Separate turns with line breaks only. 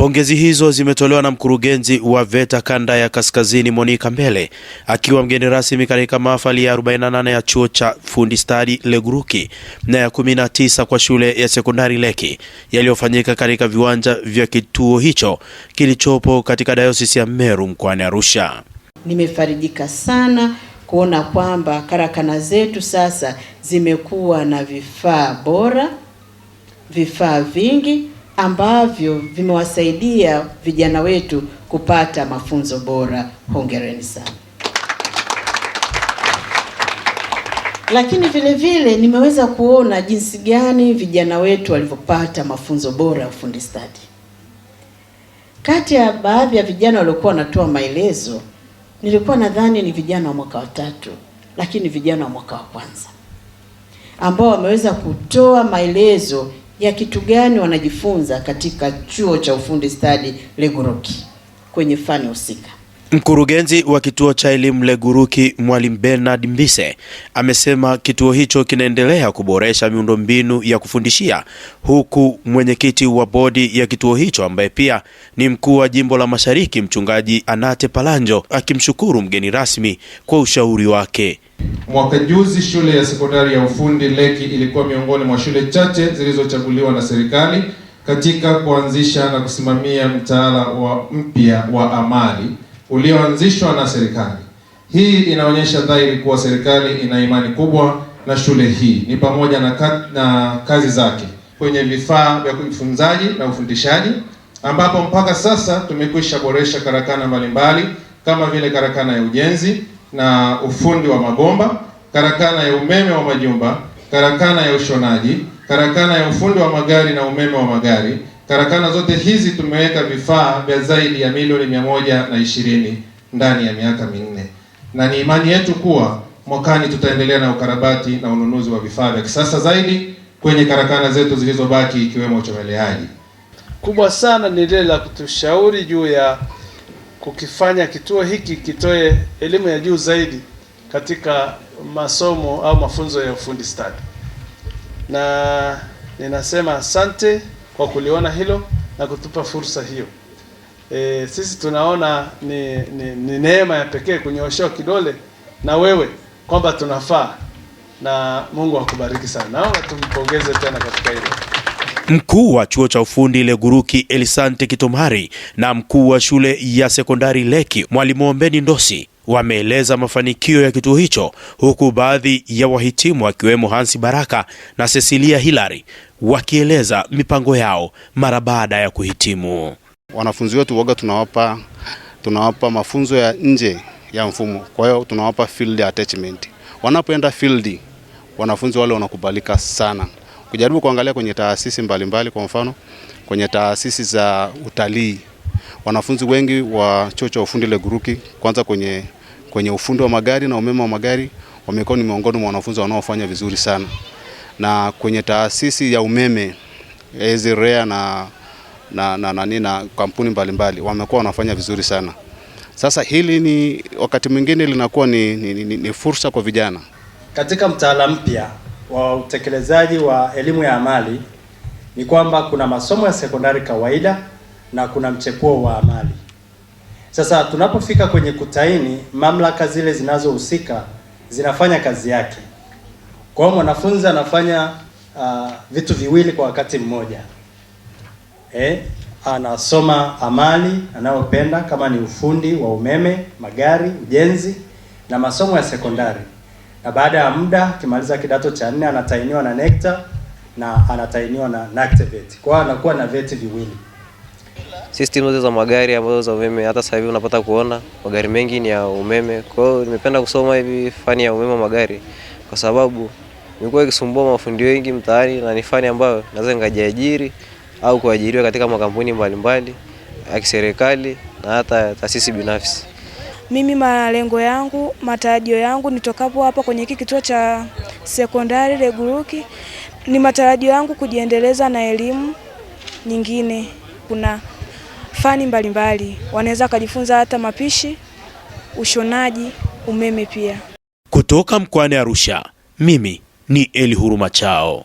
Pongezi hizo zimetolewa na mkurugenzi wa VETA kanda ya kaskazini Monica Mbele akiwa mgeni rasmi katika mahafali ya 48 ya chuo cha fundi stadi Leguruki na ya 19 kwa shule ya sekondari Leki yaliyofanyika katika viwanja vya kituo hicho kilichopo katika dayosisi ya Meru mkoani Arusha.
Nimefarijika sana kuona kwamba karakana zetu sasa zimekuwa na vifaa bora, vifaa vingi ambavyo vimewasaidia vijana wetu kupata mafunzo bora. Hongereni sana. Lakini vile vile nimeweza kuona jinsi gani vijana wetu walivyopata mafunzo bora ya ufundi stadi. Kati ya baadhi ya vijana waliokuwa wanatoa maelezo, nilikuwa nadhani ni vijana wa mwaka wa tatu, lakini vijana wa mwaka wa kwanza ambao wameweza kutoa maelezo ya kitu gani wanajifunza katika chuo cha ufundi stadi Leguroki kwenye fani husika.
Mkurugenzi wa kituo cha elimu Leguruki, Mwalimu Bernard Mbise, amesema kituo hicho kinaendelea kuboresha miundombinu ya kufundishia, huku mwenyekiti wa bodi ya kituo hicho ambaye pia ni mkuu wa jimbo la Mashariki, Mchungaji Anate Palanjo, akimshukuru mgeni rasmi kwa ushauri wake.
Mwaka juzi shule ya sekondari ya ufundi Leki ilikuwa miongoni mwa shule chache zilizochaguliwa na serikali katika kuanzisha na kusimamia mtaala wa mpya wa amali ulioanzishwa na serikali. Hii inaonyesha dhahiri kuwa serikali ina imani kubwa na shule hii, ni pamoja na, ka, na kazi zake kwenye vifaa vya ufunzaji na ufundishaji, ambapo mpaka sasa tumekwisha boresha karakana mbalimbali kama vile karakana ya ujenzi na ufundi wa mabomba, karakana ya umeme wa majumba, karakana ya ushonaji, karakana ya ufundi wa magari na umeme wa magari Karakana zote hizi tumeweka vifaa vya zaidi ya milioni mia moja na ishirini ndani ya miaka minne, na ni imani yetu kuwa mwakani tutaendelea na ukarabati na ununuzi wa vifaa vya kisasa zaidi kwenye karakana zetu zilizobaki ikiwemo uchomeleaji.
Kubwa sana ni lile la kutushauri juu ya kukifanya kituo hiki kitoe elimu ya juu zaidi katika masomo au mafunzo ya ufundi stadi, na ninasema asante kwa kuliona hilo na kutupa fursa hiyo. E, sisi tunaona ni, ni, ni neema ya pekee kunyooshewa kidole na wewe kwamba tunafaa na Mungu akubariki sana. Naomba tumpongeze tena katika hilo.
Mkuu wa chuo cha ufundi Leguruki Elisante Kitomari na mkuu wa shule ya sekondari Leki Mwalimu Ombeni Ndosi wameeleza mafanikio ya kituo hicho, huku baadhi ya wahitimu akiwemo Hansi Baraka na Cecilia Hilary wakieleza mipango yao mara baada ya kuhitimu.
Wanafunzi wetu waga tunawapa, tunawapa mafunzo ya nje ya mfumo, kwa hiyo tunawapa field attachment. Wanapoenda field, wanafunzi wale wanakubalika sana. Kujaribu kuangalia kwenye taasisi mbalimbali mbali, kwa mfano kwenye taasisi za utalii wanafunzi wengi wa chuo cha ufundi Leguruki, kwanza kwenye, kwenye ufundi wa magari na umeme wa magari wamekuwa ni miongoni mwa wanafunzi wanaofanya vizuri sana, na kwenye taasisi ya umeme Ezirea na, na, na, na, na, na kampuni mbalimbali wamekuwa wanafanya vizuri sana. Sasa hili ni wakati mwingine linakuwa ni, ni, ni, ni fursa kwa vijana
katika mtaala mpya wa utekelezaji wa elimu ya amali ni kwamba kuna masomo ya sekondari kawaida na kuna mchepuo wa amali. Sasa tunapofika kwenye kutaini, mamlaka zile zinazohusika zinafanya kazi yake. Kwa hiyo mwanafunzi anafanya uh, vitu viwili kwa wakati mmoja eh, anasoma amali anayopenda kama ni ufundi wa umeme, magari, ujenzi na masomo ya sekondari, na baada ya muda akimaliza kidato cha nne anatainiwa na NECTA na anatainiwa na NACTVET. Kwa hiyo anakuwa na vyeti viwili
system zote za magari ambazo za umeme. Hata sasa hivi unapata kuona magari mengi ni ya umeme. Kwa hiyo nimependa kusoma hivi fani ya umeme magari kwa sababu imekuwa ikisumbua mafundi wengi mtaani na ni fani ambayo naweza nikajiajiri au kuajiriwa katika makampuni mbalimbali ya kiserikali na hata taasisi binafsi.
Mimi malengo yangu, matarajio yangu nitokapo hapa kwenye hiki kituo cha sekondari Leguruki, ni matarajio yangu kujiendeleza na elimu nyingine. Kuna fani mbalimbali, wanaweza wakajifunza hata mapishi, ushonaji, umeme pia.
Kutoka mkoani Arusha, mimi ni Eli Huruma Chao.